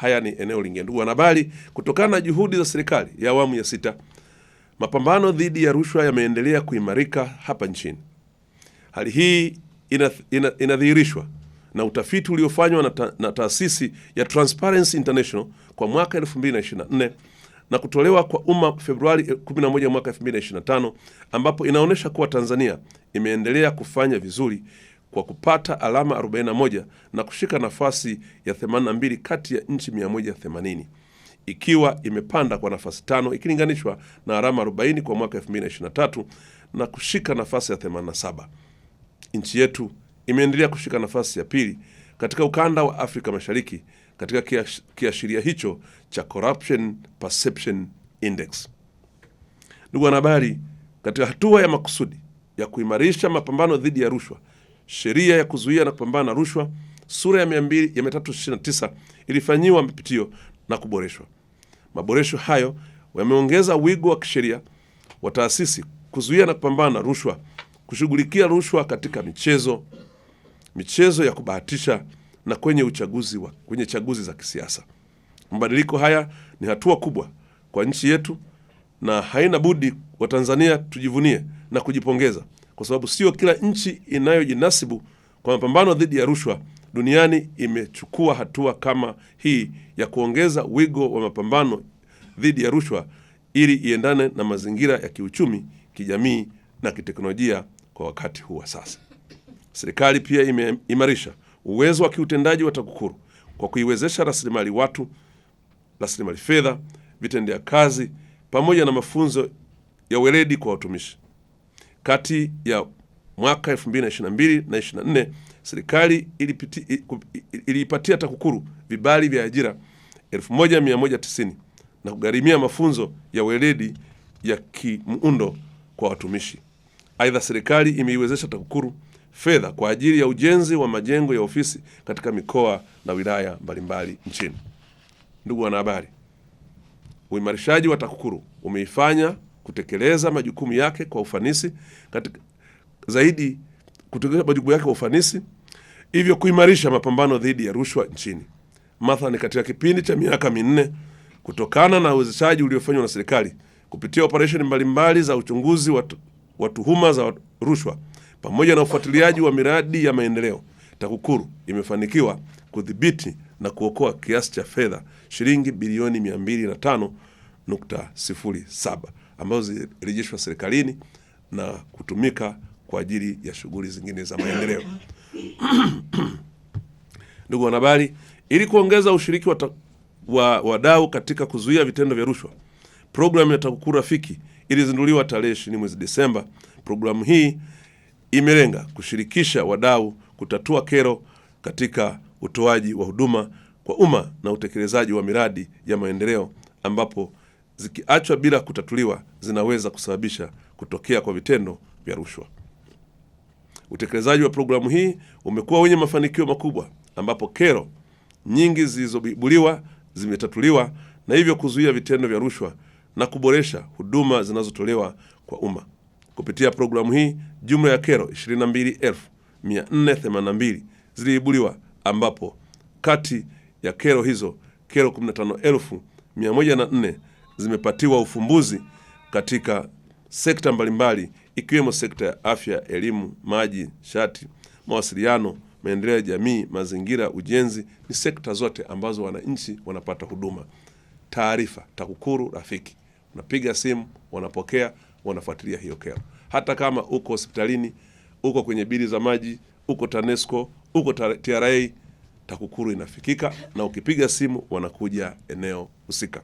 Haya ni eneo lingine, ndugu wanahabari. Kutokana na juhudi za serikali ya awamu ya sita, mapambano dhidi ya rushwa yameendelea kuimarika hapa nchini. Hali hii inadhihirishwa ina, ina na utafiti uliofanywa na, ta, na taasisi ya Transparency International kwa mwaka 2024 na kutolewa kwa umma Februari 11 mwaka 2025, ambapo inaonyesha kuwa Tanzania imeendelea kufanya vizuri kwa kupata alama 41 na kushika nafasi ya 82 kati ya nchi 180 ikiwa imepanda kwa nafasi tano ikilinganishwa na alama 40 kwa mwaka 2023 na kushika nafasi ya 87. Nchi yetu imeendelea kushika nafasi ya pili katika ukanda wa Afrika Mashariki katika kiashiria hicho cha Corruption Perception Index. Ndugu wanahabari, katika hatua ya makusudi ya kuimarisha mapambano dhidi ya rushwa sheria ya kuzuia na kupambana na rushwa sura ya 200 ilifanyiwa mapitio na kuboreshwa. Maboresho hayo yameongeza wigo wa kisheria wa taasisi kuzuia na kupambana na rushwa, kushughulikia rushwa katika michezo, michezo ya kubahatisha na kwenye uchaguzi wa, kwenye chaguzi za kisiasa. Mabadiliko haya ni hatua kubwa kwa nchi yetu na haina budi Watanzania tujivunie na kujipongeza kwa sababu sio kila nchi inayojinasibu kwa mapambano dhidi ya rushwa duniani imechukua hatua kama hii ya kuongeza wigo wa mapambano dhidi ya rushwa ili iendane na mazingira ya kiuchumi, kijamii na kiteknolojia kwa wakati huu wa sasa. Serikali pia imeimarisha uwezo wa kiutendaji wa TAKUKURU kwa kuiwezesha rasilimali watu, rasilimali fedha, vitendea kazi pamoja na mafunzo ya weledi kwa watumishi. Kati ya mwaka 2022 na 24 serikali iliipatia TAKUKURU vibali vya ajira 1190 na kugharimia mafunzo ya weledi ya kimuundo kwa watumishi. Aidha, serikali imeiwezesha TAKUKURU fedha kwa ajili ya ujenzi wa majengo ya ofisi katika mikoa na wilaya mbalimbali nchini. Ndugu wanahabari, uimarishaji wa TAKUKURU umeifanya kutekeleza majukumu yake kwa ufanisi katika, zaidi kutekeleza majukumu yake kwa ufanisi, hivyo kuimarisha mapambano dhidi ya rushwa nchini, mathalani katika kipindi cha miaka minne kutokana na uwezeshaji uliofanywa na serikali kupitia operesheni mbalimbali za uchunguzi wa tuhuma za rushwa pamoja na ufuatiliaji wa miradi ya maendeleo, TAKUKURU imefanikiwa kudhibiti na kuokoa kiasi cha fedha shilingi bilioni 205.07 ambazo zilirejeshwa serikalini na kutumika kwa ajili ya shughuli zingine za maendeleo. Ndugu wanahabari, ili kuongeza ushiriki wa wa wadau katika kuzuia vitendo vya rushwa, programu ya TAKUKURU Rafiki ilizinduliwa tarehe ishirini mwezi Desemba. Programu hii imelenga kushirikisha wadau kutatua kero katika utoaji wa huduma kwa umma na utekelezaji wa miradi ya maendeleo ambapo zikiachwa bila kutatuliwa zinaweza kusababisha kutokea kwa vitendo vya rushwa. Utekelezaji wa programu hii umekuwa wenye mafanikio makubwa, ambapo kero nyingi zilizoibuliwa zimetatuliwa na hivyo kuzuia vitendo vya rushwa na kuboresha huduma zinazotolewa kwa umma. Kupitia programu hii, jumla ya kero 22,482 ziliibuliwa, ambapo kati ya kero hizo kero 15,104 zimepatiwa ufumbuzi katika sekta mbalimbali ikiwemo sekta ya afya, elimu, maji, shati, mawasiliano, maendeleo ya jamii, mazingira, ujenzi. Ni sekta zote ambazo wananchi wanapata huduma. Taarifa TAKUKURU Rafiki, unapiga simu, wanapokea, wanafuatilia hiyo kero, hata kama uko hospitalini, uko kwenye bili za maji, uko TANESCO, uko TRA, TAKUKURU inafikika, na ukipiga simu wanakuja eneo husika.